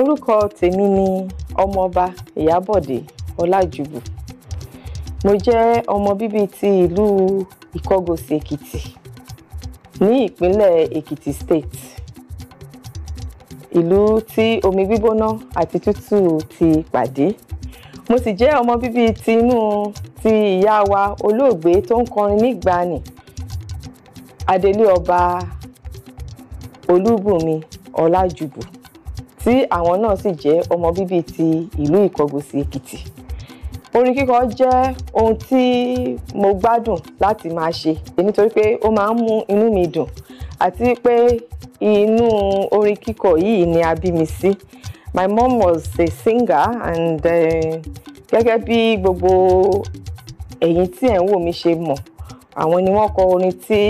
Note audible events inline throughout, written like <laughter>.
orúkọ tèmi ni ọmọọba ìyábọ̀dé ọlájúbù mo jẹ́ ọmọ bíbí ti ìlú ìkọgòsì èkìtì ní ìpínlẹ̀ èkìtì state ìlú tí omi gbígbóná àti tútù ti pàdé mo sì jẹ́ ọmọ bíbí tinú ti ìyá wa olóògbé tó ń kọrin nígbàanì adelé ọba olúbùnmi ọlájúbù tí àwọn náà sì jẹ́ ọmọ bíbí ti ìlú ìkọgòsì èkìtì orin kíkọ jẹ́ ohun tí mo gbádùn láti máa ṣe nítorí pé ó máa ń mú inú mi dùn àti pé inú orin kíkọ yìí ni a bí mi sí my mom was a singer and eh, gẹ́gẹ́ bí gbogbo ẹ̀yin tí ẹ̀ ń wò mí ṣe mọ̀ àwọn ni wọ́n kọ orin tí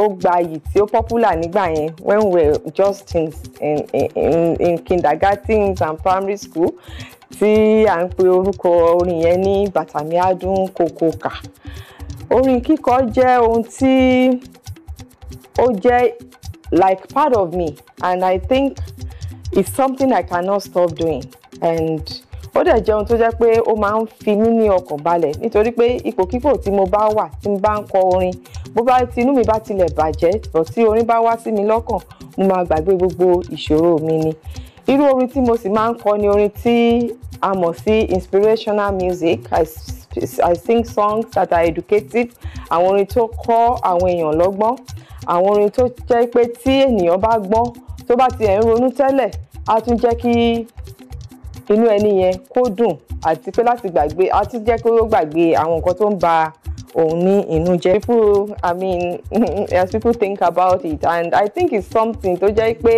ó gbayì tí ó popular nígbà yẹn when we were just in, in, in, in kindergarten and primary school tí à ń pe orúkọ orin yẹn ní bàtàmí adùn kòkòkà orin kíkọ jẹ́ ohun tí ó jẹ́ like part of me and I think it's something I cannot stop doing and ó dẹ̀ jẹ́ tó jẹ́ pé ó máa ń fi mí ní ọkàn balẹ̀ nítorí pé ipòkípò tí mo bá wà tí mo bá ń kọ orin bó bá tinú mi bá tilẹ̀ bàjẹ́ bọ̀ tí orin bá wá sí mi lọ́kàn mo máa gbàgbé gbogbo ìṣòro mi ni irú orin tí mo sì máa ń kọ ni orin tí a mọ̀ sí inspirational music I, I sing songs that are educative àwọn orin tó kọ́ àwọn èèyàn lọ́gbọ́n àwọn orin tó jẹ́ pé tí ènìyàn bá gbọ́ tó bá tiẹ̀ ń ronú tẹ́lẹ̀ á tún jẹ́ kí inú ẹni yẹn kó dùn àti pé láti gbàgbé àti jẹ́ kó ó gbàgbé àwọn nǹkan tó ń ba òun ní inú jẹ́. people i mean <laughs> as people think about it and i think it's something tó jẹ́ pé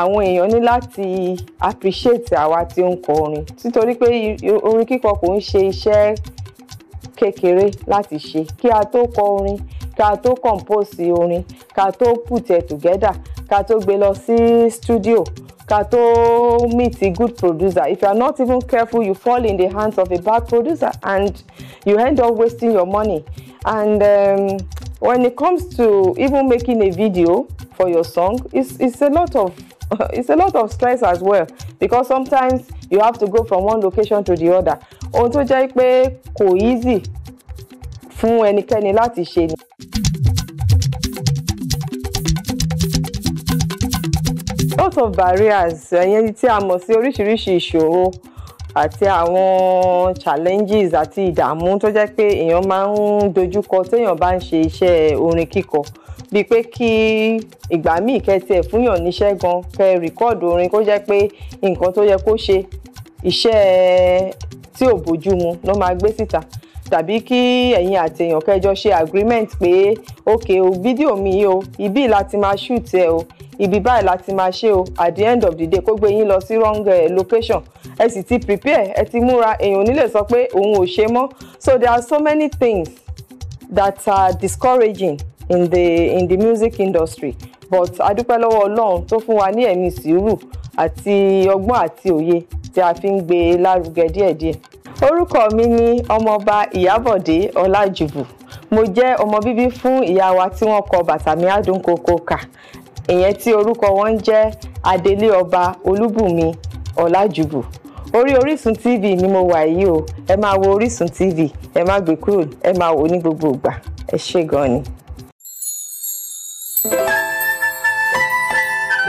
àwọn èèyàn ní láti appreciate àwa tí ó ń kọ orin títorí pé orin kíkọ kò ń ṣe iṣẹ́ kékeré láti ṣe kí a tó kọ orin ká tó compose orin ká tó put it together ká tó gbé lọ sí studio Kato tó meet a good producer if you are not even careful you fall in the hands of a bad producer and you end up wasting your money and um, when it comes to even making a video for your song it's, it's a lot of <laughs> it's a lot of stress as well because sometimes you have to go from one location to the other ohun tó jẹ́ pé kò easy fún ẹnikẹ́ni láti ṣe ni. lots of barriers ẹ̀yẹn tí a mọ̀ sí oríṣiríṣi ìṣòro àti àwọn challenges àti ìdààmú tó jẹ́ pé èèyàn máa ń dojúkọ téèyàn bá ń ṣe iṣẹ́ orin kíkọ bíi pé kí ìgbà míì kẹtẹ fúnyàn níṣẹ́ gan kẹ rìkọ́ọ̀dù orin kó jẹ́ pé nǹkan tó yẹ kó ṣe iṣẹ́ tí ò bójú mu ló máa gbé síta. Si tàbí kí ẹ̀yin àti èèyàn kẹjọ ṣe agreement pé ok o fídíò mi yìí o ibí láti máa shoot ẹ o ibi báyìí láti máa ṣe o at the end of the day kó gbé yín lọ sí wrong uh, location ẹ sì ti prepare ẹ ti múra èèyàn ò ní lè sọ pé òun ò ṣe mọ́ so there are so many things that are discouraging in the in the music industry but adúpẹ́ lọ́wọ́ ọlọ́run tó fún wa ní ẹ̀mí sùúrù àti ọgbọ́n àti òye tí a fi ń gbé lárugẹ díẹ̀díẹ̀ orúkọ mi ni ọmọọba ìyábọ̀dé ọlájùbù mo jẹ́ ọmọ bíbí fún ìyá wa tí wọ́n kọ bàtàmí àdúnkòkò kà ìyẹn tí orúkọ wọn ń jẹ́ adelé ọba olúbùnmi ọlájùbù orí orísun tv ni mo wà yìí o ẹ máa wo orísun tv ẹ má gbé kúrò ẹ máa wò ní gbogbo ìgbà ẹ ṣé gan ni.